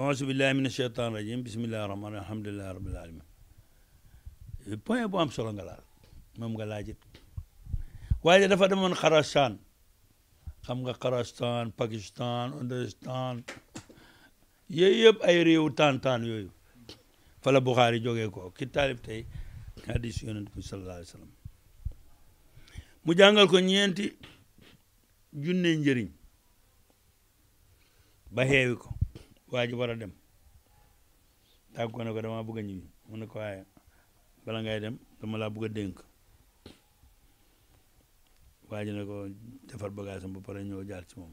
auzu billahi min asheytaan rajim bisimillahi rahmaani alhamdulilahi rabbil alamin eh, point bu am solo nga laal moom nga laajit waaye dafa demoon Xorasaan xam nga Xorasaan Pakistan Hindustan yooyu yëpp ay réewu tantaan yooyu fala la Buxaari jógee ko ki tey hadis yonent bi sallallahu alayhi mu jàngal ko ñeenti junne njëriñ ba xeewi ko waa ji war a dem tàggoo ne ko dama bëgg a ñibbi mu ne ko waaye bala ngay dem dama laa bëgg a dénk waa ji ne ko defar bagage am ba pare ñëw jaar ci moom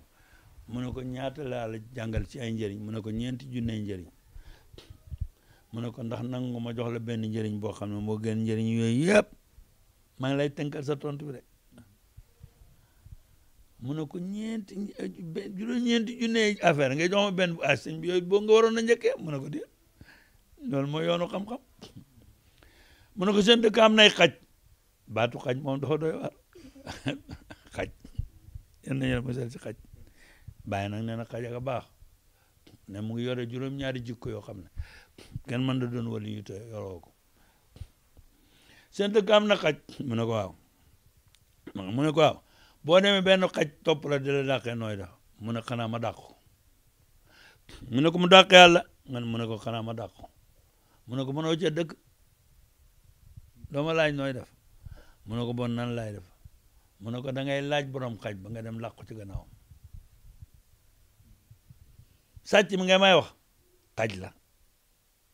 mu ne ko ñaata laa la jàngal ci ay njëriñ mu ne ko ñeenti junne njëriñ mu ne ko ndax nangu ma jox la benn njëriñ boo xam ne moo gën njëriñ yooyu lay tënkal sa tontu bi mu ne ko ñeenti eh, juróom-ñeenti junne affaire nga jox ma benn a ah, sëñ bi yooyu boo nga waroon a njëkkee mu ne ko dee loolu mooy yoonu xam-xam mu ne ko seen dëkk am nay xaj baatu xaj moom dafa doy waar xaj xaj bàyyi nag nee na xaj ak a baax ne mu ngi yore juróom-ñaari jikko yoo xam ne kenn mën da doon wali yu te yoroo ko seen dëkk am na xaj mu ne ko waaw boo demee benn xaj topp la di la dàqee nooy def mu ne xanaa ma dàq ko mu ne ko mu dàq yàlla man mu ne ko xanaa ma dàq ko mu ne ko mënoo cee dëkk doo ma laaj nooy def mu ne ko bon nan laay def mu ne ko da laaj borom xaj ba nga dem làqu ci gannaawam sàcc mi nga may wax xaj la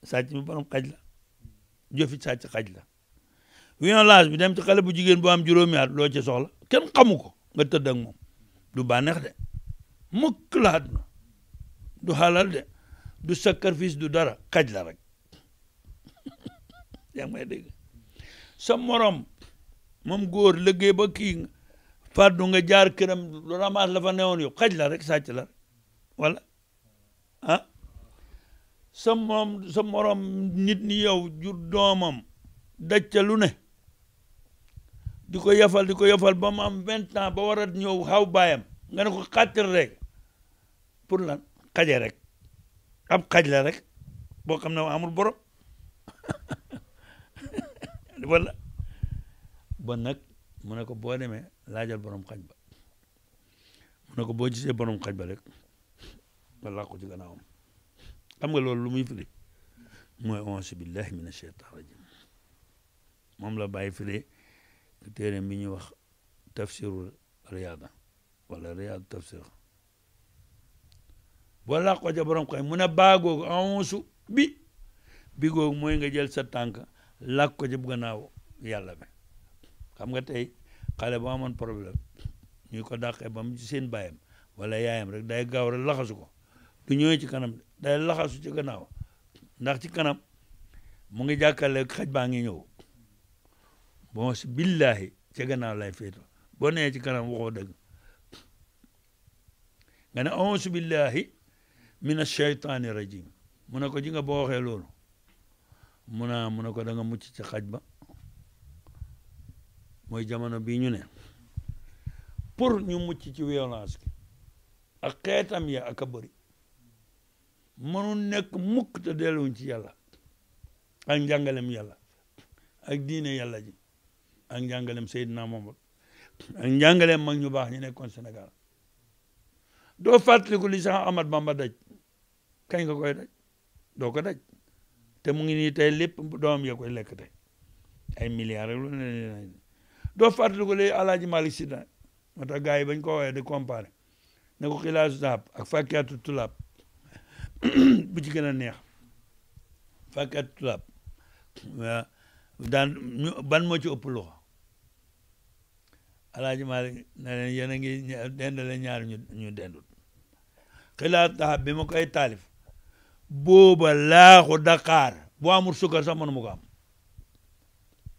sàcc mi borom xaj la jëfi sàcc xaj la violence bi dem ci xale bu jigéen boo am juróomi at loo ci soxla kenn xamu ko nga tëdd ak moom du bànneex de mukk la àdduna du xalal de du sacrifice du dara kaj la rek yaa ngi may dégg sa morom moom góor liggéey ba kii fàddu nga jaar këram lu ramaas la fa newoon yow xaj la rek sàcc la rek wala ah sa morom nit ni yow jur doomam dacca lu ne di ko yafal di ko yafal ba mu am vingt ans ba war a ñëw xaw baayam nga ne ko xàttal rek pour lan kaje rek ab xaj la rek boo xam ne amul borom wala bon nag mu ne ko boo demee laajal borom xaj ba mu ne ko boo gisee borom xaj ba rek nga làqu ci gannaawam xam nga loolu lu muy firi mooy auzu billahi mina shaytaan rajim moom la bàyyi firi téere mi ñu wax tafsirul riyaada wala riyaadu tafsir wala ko ja borom koy mun a baagoogu aonsu bi bi googu mooy nga jël sa tànk lak ko ci bu gannaaw yàlla bi xam nga tey xale bu amoon problème ñu ko dàqee ba mu ci seen baayam wala yaayam rek day gaaw rek laxasu ko du ñëwee ci kanam day laxasu ci gannaaw ndax ci kanam mu ngi jàkkaarloo xaj baa ngi ñëw bon si billahi ca gannaaw lay féeto boo nee ci kanam waxoo dëgg nga ne auzu billahi min ashaytaani rajim mu ne ko ci nga boo waxee loolu mu na mu ne ko danga nga mucc ci xaj ba mooy jamono bii ñu ne pour ñu mucc ci violence gi ak xeetam ya ak a bëri mënu nekk muk te delluwuñ ci yàlla ak njàngalem yàlla ak diine yàlla ji ak njàngaleem Seydina Mohamad ak njàngaleem mag ñu baax ñu nekkoon senegal doo fàttaliku li sax Ahmad Bamba daj kañ nga koy daj doo ko daj te mu ngi nii tey lépp doomam ya koy lekk tey ay milliards rek lu ne doo fàttaliku li Alaaji Malick Sy moo tax gars yi bañ ko woowee di comparé ne ko xilaasu daab ak fàkkiyaatu tulaab bu ci gën a neex fàkkiyaatu tulaab daan moo ci ëpp loxo alaaji Maalik ne leen yéen a ngi dendale ñaar ñu ñu dendul xilaat bi ma koy taalif booba laaxu Dakar boo amul sukkar sax mënu ma ko am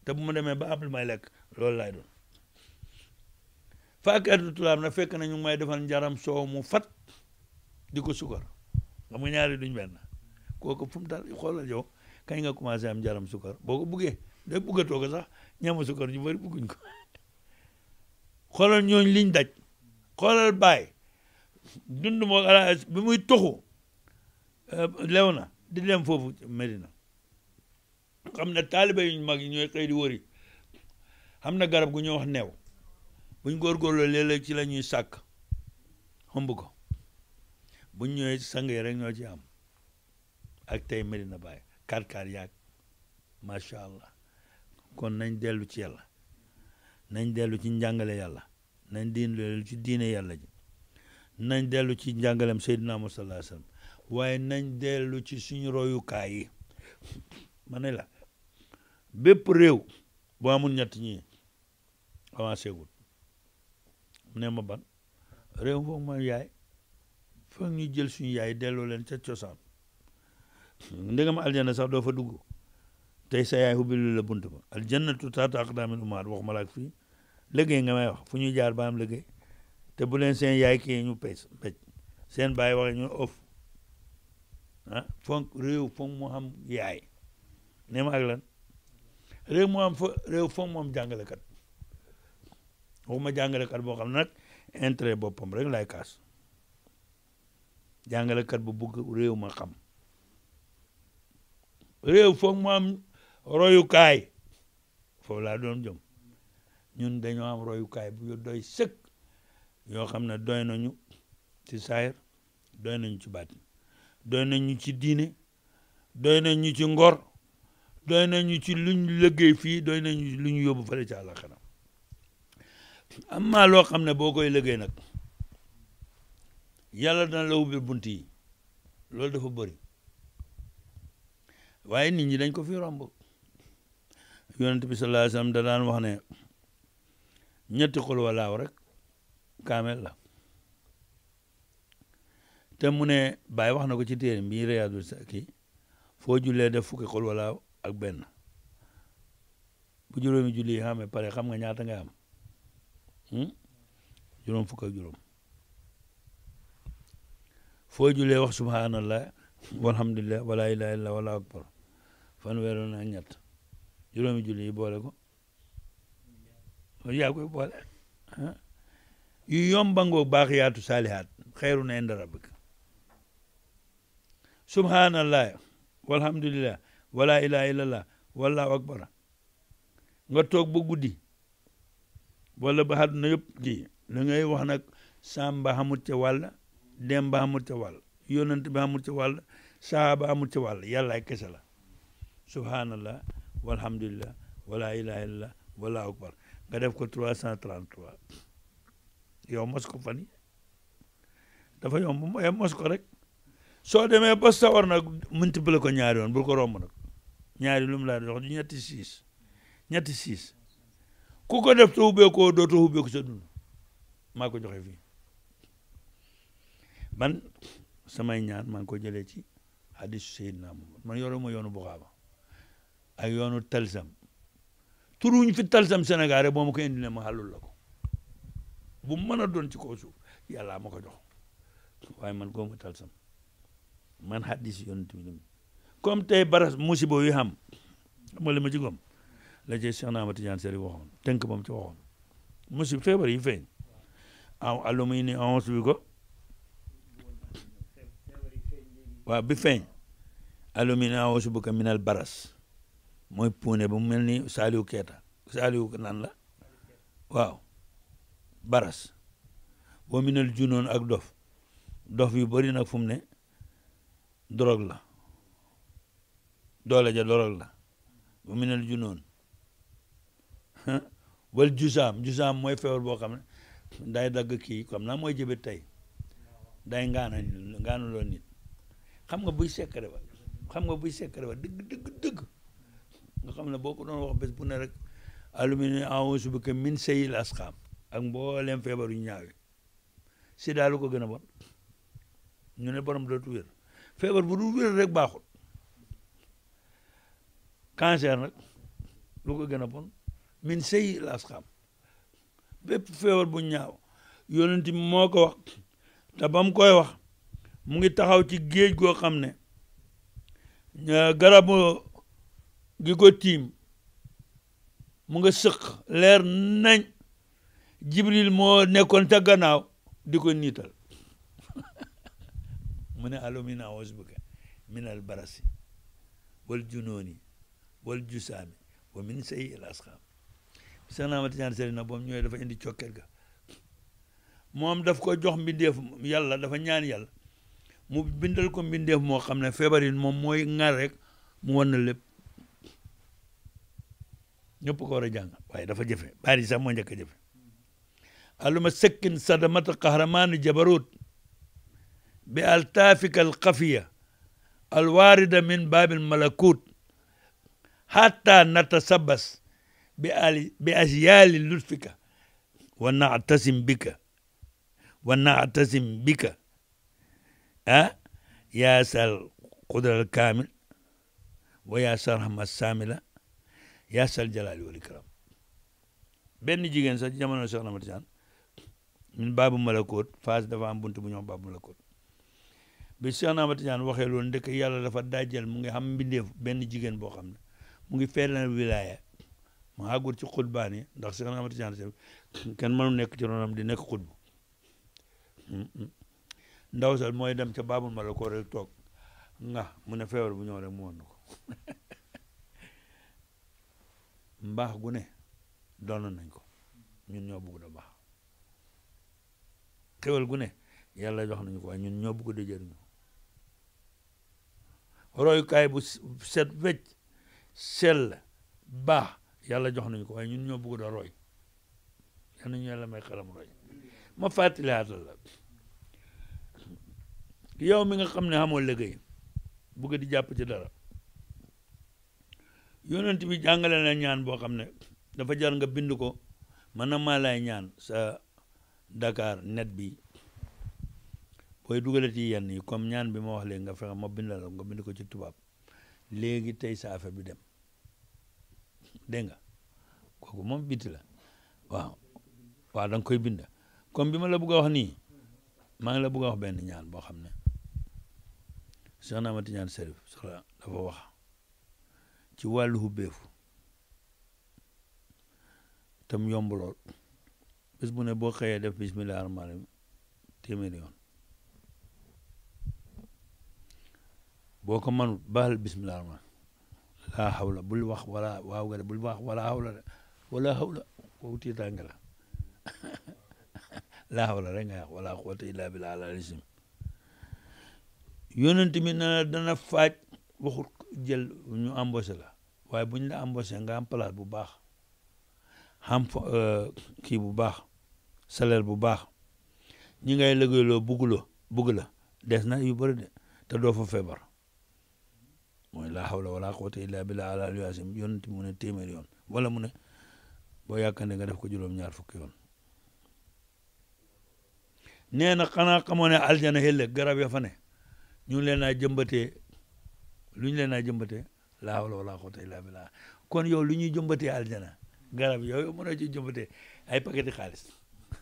te bu ma demee ba appli may lekk loolu laay doon fa ak erdu tulaab na fekk na ñu may defal njaram soow mu fat di ko sukkar xam nga ñaari duñ benn kooku fu mu tal xoolal yow kañ nga commencé am njaram sukkar boo ko buggee day buggatoo ko sax ñamu sukkar ñu bëri bugguñ ko xoolal ñooñ liñ daj xoolal baay dund moo bi muy toxu euh, lew na di dem foofu Medina xam ne taaliba yuñ mag yi ñooy xëy di wëri xam na garab gu ñuy wax neew buñ góorgóorloo léeg-léeg ci la ñuy sàkk xomb ko buñ ñëwee sang yi rek ñoo ci am ak tey Medina Baye kar-kar yaag macha allah kon nañ dellu ci yàlla nañ dellu ci njàngale yàlla nañ diin dellu ci diine yàlla nañ dellu ci njàngalem Seydina Muhammad sallallahu waaye nañ dellu ci suñu royukaay yi mane la bépp réew boo amul ñett ñi avancé wul mu ne ma ban réew foog ma yaay foog ñu jël suñu yaay delloo leen ca cosaan ndegam aljana sax doo fa dugg tey sa yaay hubbilu la bunt ba al jannatu taata aqdaamin umaat wax ma laak fii liggéey nga may wax fu ñuy jaar ba am liggéey te bu seen yaay kii ñu pej pej seen baay waxe ñu of ah fonk mu am yaay ne ma ak lan réew mu am fa réew fonk mu am jàngalekat waxuma jàngalekat boo xam nag intérêt boppam rek lay kaas jàngalekat bu bugg réew ma xam réew foog mu am royukaay foofu laa doon jëm ñun dañoo am royukaay bu doy sëkk yoo xam ne doy nañu ci saayir doy nañu ci baatin doy ñu ci diine doy ñu ci ngor doy nañu ci luñ liggéey fii doy nañu ci lu ñu yobu fële ci àllaxira am maa loo xam ne boo koy liggéey nag yàlla dana la ubbil bunt yi loolu dafa bëri waaye nit ñi dañ ko fi romb yonent bi sallallahu alayhi wasallam da daan wax ne ñetti walaaw rek kaamel la te mu ne Baye wax na ko ci téere bi Riyaadu ki foo jullee def fukki xul walaaw ak benn bu juróomi julli yi pare xam nga ñaata nga am hmm? juróom fukk ak foo jullee wax subhanallah walhamdulillah wala ilaha illa wallahu akbar fanweer na ñett juróomi julli yi boole ko yaa koy boole ah. yu yombangoo baax yaatu saalihaat xayrun inda rabbika subhanallah walhamdulillah wallahu akbar nga toog ba guddi wala ba àdduna yëpp kii la ngay wax nag sàmba xamut ca wàll dem ba xamut ca wàll yonent ba xamut ca wàll saaba xamut ca wàll yàlla kese walhamdulilah wala ilaha illallah wala akbar nga def ko 333 yow mos ko fan yi dafa mos ko rek soo demee ba sawar nag multiplier ko ñaari yoon bul ko romb nag ñaari lu mu laa dox du ñetti six ñetti six ku ko def te ubbeekoo dooto ubbeeku sa dund maa ko joxe fi man samay ñaan maa ngi ko jëlee ci hadisu naa Muhammad man yoruma yoonu Buxaaba ay yoonu talsam turuñ fi talsam Sénégal rek boo ma ko indi ne la ko bu mën a doon ci kaw suuf yàlla jox waaye man koo ma talsam man xaddis yonent bi comme tey baras musibo yu xam ma ci gom la ci Cheikh Ahmad Tidiane Seri waxoon tënk ba mu ci waxoon musib feebar yi feeñ aw ah, allo bu ko minal baras mooy puune bu mu mel ni Saliou Keita Saliou nan la waaw baras boo minal junoon ak dof dof yu bëri nag fu mu ne drogue la doole ja drogue la boo minal junoon wal jusaam jusaam mooy feebar boo xam ne day dagg kii comme na mooy jëbët tey day ngaana ngaana loon nit xam nga buy sekkare ba xam nga buy sekkare ba dëgg dëgg nga na boo ko doon wax bés bu ne rek alumine a'uuzu bika min sayyil asqaam ak mbooleem feebar yu ñaaw si daal lu ko gën a bon ñu ne borom dootu wér feebar bu dul rek baaxul cancer nag lu ko gën a bon min sayyil asqaam bépp feebar bu ñaaw yonent bi moo ko wax te ba koy wax mu ngi taxaw ci géej goo xam ne garabu gi ko tiim mu nga sëq leer nañ jibril moo nekkoon ta gannaaw di ko niital mu ne alumina ausbuka min al barasi wal junooni wal jusaami wa min sayi al asxaam sanaamata ñaan sëriñ boom ñooy dafa indi cokket ga moom daf ko jox mbindeef yàlla dafa ñaan yàlla mu bindal ko mbindeef moo xam ne feebar moom mooy ŋar rek mu wan na lépp ñëpp ko war a jàng waaye dafa jafe baari sax moo njëkk a jafe aluma sëkkin sadamata qahramaanu jabarut bi altaafika alqafiya alwaarida min baabil malakut hatta natasabbas bi ali bi asyaali lutfika wa naatasim bika wa naatasim bika ah yaasal qudra alkaamil wa yaasal rahma saamila yaa sal jalaali wal ikram benn jigéen sax ci jamono Soxna Mati Jaan ñun baabu malakoot phase dafa am bunt bu ñoom baabu malakoot bi Soxna Mati Jaan waxee loolu ndekk yàlla dafa dajjal mu ngi xam mbindeef benn jigéen boo xam ne mu ngi feeral wilaaya mu àggul ci xutbaan yi ndax Soxna Mati Jaan kenn mënu nekk ci ronam di nekk xutbu hmm, hmm. ndaw sal mooy dem ca baabul malakoot rek toog nga mu ne feebar bu ñëw rek mu woon na ko mbaax gu ne doon nañ ko ñun ñoo bëgg da baax xéwal gu yàlla jox nañu ko waaye ñun ñoo bëgg da jëriñu royukaay bu set wecc sell baax yàlla jox nañu ko waaye ñun ñoo bëgg da roy yal yàlla may xelam roy ma fàttalaatal la yow mi nga xam ne amoo liggéey bugg di jàpp ci dara yonent bi jàngale na ñaan boo xam ne dafa jar nga bind ko man na maa lay ñaan sa Dakar net bi booy dugalati yenn yi comme ñaan bi ma wax léegi nga fexe ma bind la nga bind ko ci tubaab léegi tey sa affaire bi dem dégg nga kooku moom biti la waaw waaw koy bind comme bi ma la bëgg a wax nii maa ngi la bëgg a benn ñaan boo xam ne Cheikh Ahmad Tidiane Chérif wax ci wàllu hubbeefu tam yomb lool boo xëyee def bisimilah rahmaani rahiim téeméeri yoon boo man mënut baal bisimilah rahmaani laa hawla bul wax wala waaw nga de bul wax wala hawla de wala hawla kooku tiitaange la laa hawla rek nga wax wala quwwata illaa billaa al alisim yonent mi na faaj waxut jël ñu embauché waaye bu ñu la embauché nga am place bu baax am euh, kii bu baax salaire bu baax ñi ngay liggéeyloo bugguloo bugg la des na yu bëri de te doo fa feebar mooy laa hawla wala quwwata bi billah ala aliasim yonent mu ne téeméer yoon wala mu ne boo yàkkande nga def ko juróom-ñaar fukki yoon nee na xanaa xamoo ne aljana xëllëg garab ya fa ne ñu leen naa jëmbatee lu ñu leen a jëmbatee la hawla wala quwwata illa billah kon yow lu ñuy jëmbatee aljana garab yooyu mënoo ci jëmbatee ay paquet xaalis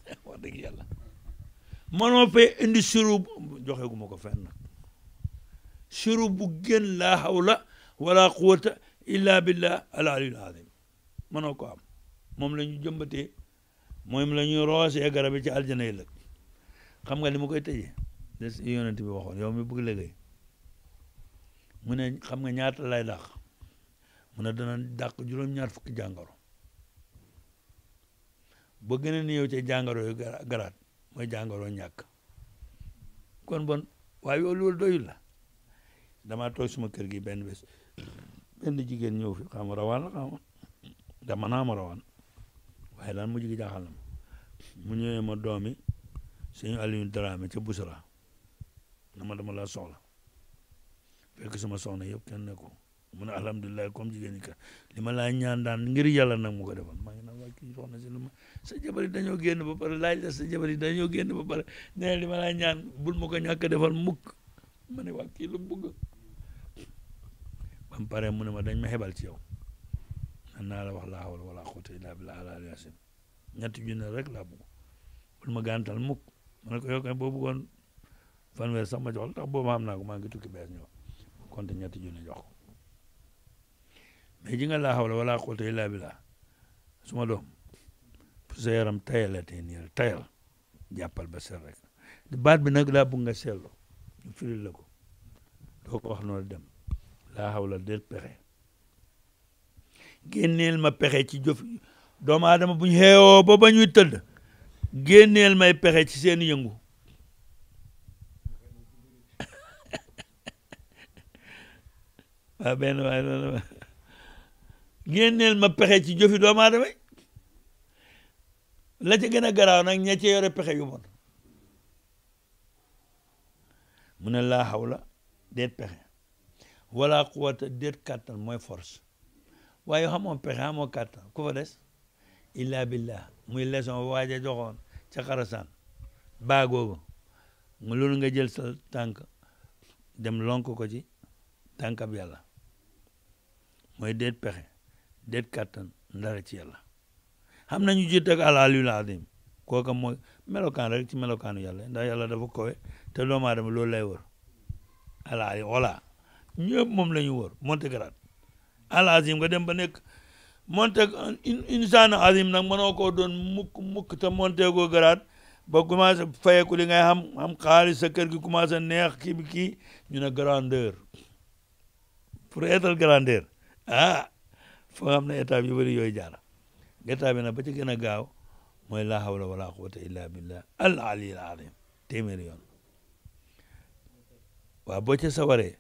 wax dëgg yàlla mënoo fee indi sirop joxe gu ma ko fenn sirop bu gën laa hawla wala quwwata illa billah al aliyul azim mënoo ko am moom la ñu jëmbatee moom la ñuy roosee garab yi ci aljana yi lëg xam nga li ma koy tëjee des yonent bi waxoon yow mi bëgg liggéey mu ne xam nga ñaata lay dàq mu ne dana dàq juróom-ñaar fukki jàngoro boo gën a néew ca jàngoro yu garaat mooy jàngoro ñàkk kon bon waaye loolu doyul la damaa toog suma kër gi benn bés benn jigéen ñëw fi xam rawaan la xam dama naa ma rawaan waaye daal mu jigi jaaxal na ma mu ñëwee ma doomi suñu Aliou Dramé ca Busra na ma dama laa soxla fekk sama soxna yëpp kenn ne ko mu ne alhamdulilah comme jigéen ñi kat li ma laa ñaan daan ngir yàlla nag mu ko defal maa ngi naan waa kii soxna si lu ma sa jabar yi dañoo génn ba pare ba pare nee li ma laa ñaan bul ma ko ñàkk defal mukk ma ne waa kii mu pare mu ne ma dañ ma xebal ci yow nan naa la wax laa hawla wala quwwata illa billah al aliyyil azim ñetti junne rek laa bëgg bul ma gàntal mukk ma ne ko yow kay boo bëggoon fanweer sax ma jox la tax boobu xam naa ko maa ngi tukki compte ñetti junni jox ko mais ji nga laa xawla wala quwwata illa billah su ma doom sa yaram tayalatee nii rek tayal jàppal ba sel rek baat bi nag laa bëgg nga seetlu ñu firil la ko doo ko wax noonu dem laa xawla del pexe génneel ma pexe ci jëf doomu aadama bu ñu xeewoo ba ba ñuy tëdd génneel may pexe ci seen yëngu waaw ah, benn ma pexe ci jëfi doomu aadama la ca gën a garaaw nag ña ca yore pexe yu bon mu ne laa hawla déet pexe wala quwata déet kàttan mooy force waaye xamoo pexe xamoo kàttan ku fa des illa billah muy leçon waaja joxoon ca xarasaan baagoogu nga loolu nga jël sa tànk dem lonk ko ci tànkam yàlla mooy déet pexe déet kattan ndara ci yàlla xam nañu jiit ak alaalul ko kooka mooy melokaan rek ci melokaanu yàlla ndax yàlla dafa kowe te doomu aadama loolu lay wër alaali voilà ñëpp moom la ñu wër monte grade al azim nga dem ba nekk monte insaan azim nag mënoo koo doon mukk mukk te monte goo grade ba commencé fayeku li ngay xam xam xaalis sa kër gi commencé neex kii bi kii ñu ne grandeur pour être grandeur ah foo am na état bi yu bëri jaar état bi nag ba ci gën a gaaw mooy laa hawla wala quwwata illa billah al aliyil azim téeméeri yoon waaw boo ci saware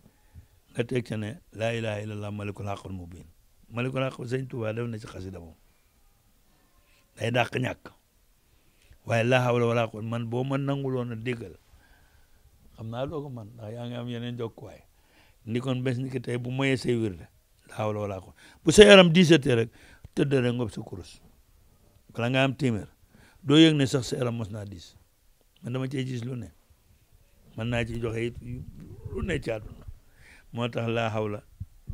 nga tek ca ne laa ilaha illallah malikul haqqul mubin malikul haqq sëñ Tuubaa def na ci xasida moom day dàq ñàkk waaye laa hawla wala quwwata man boo ma nanguloon a déggal xam naa doo man ndax yaa ngi am yeneen jokkuwaay ndi kon bés ni ki tey bu moyee say wirde xawla wala ko bu sa yaram diisatee rek tëdd rek ngob sa kurus bala nga am ne sax sa yaram naa diis man dama cee gis lu ne mën naa ci joxe it lu ne ci àdduna moo tax laa xawla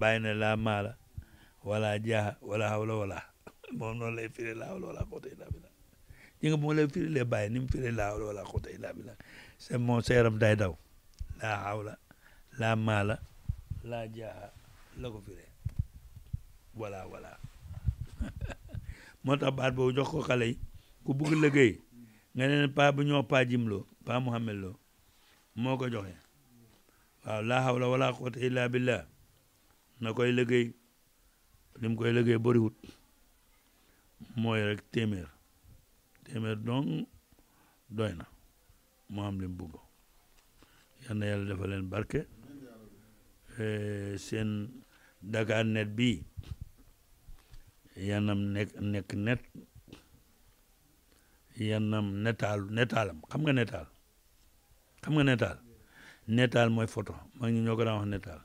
bàyyi na laa maala wala jaaxa wala xawla wala moom noonu lay laa xawla wala moo lay firi lay bàyyi ni mu firi laa xawla wala quwwata illaa billaah c'est moom sa yaram day daw laa xawla laa maala laa jaaxa la ko voilà voilà moo tax baat boobu jox ko xale yi ku bugg liggéey nga ne paa bu ñoo paa Jim Lo paa Mouhamed Lo moo ko joxe waaw laa hawla wala quwwata illa billah na koy liggéey li koy liggéey bariwut mooy rek téeméer téeméer donc doy na moo am li mu bugg na yàlla dafa leen barke eh, seen Dakar net bii yanam nekk nekk net yanam netaal netaalam xam nga netaal xam nga netaal mooy photo mag ñu ñoo ko daan wax netaal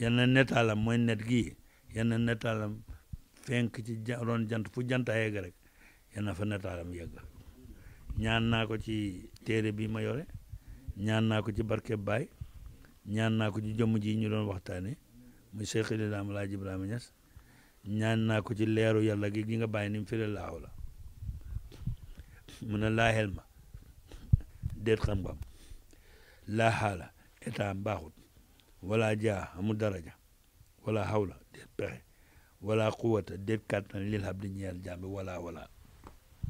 yanna netaalam mooy net gii yanna netaalam fenk ci roon jant fu jant a yegg rek yanna fa netaalam yegg ñaan naa ko ci téere bi ma yore ñaan naa ko ci barke baay ñaan naa ko ci jëmm ji ñu doon waxtaane muy Cheikh Idaam Alaaji Ibrahima Niass ñaan naa ko ci leeru yàlla gi gi nga bàyyi ni mu firi laaw la mun a laahel ma déet xam-xam laa xaala état baaxut wala jaa amul daraja wala xawla déet pexe wala quwata déet kàttan lil hab di ñeel jaam wala wala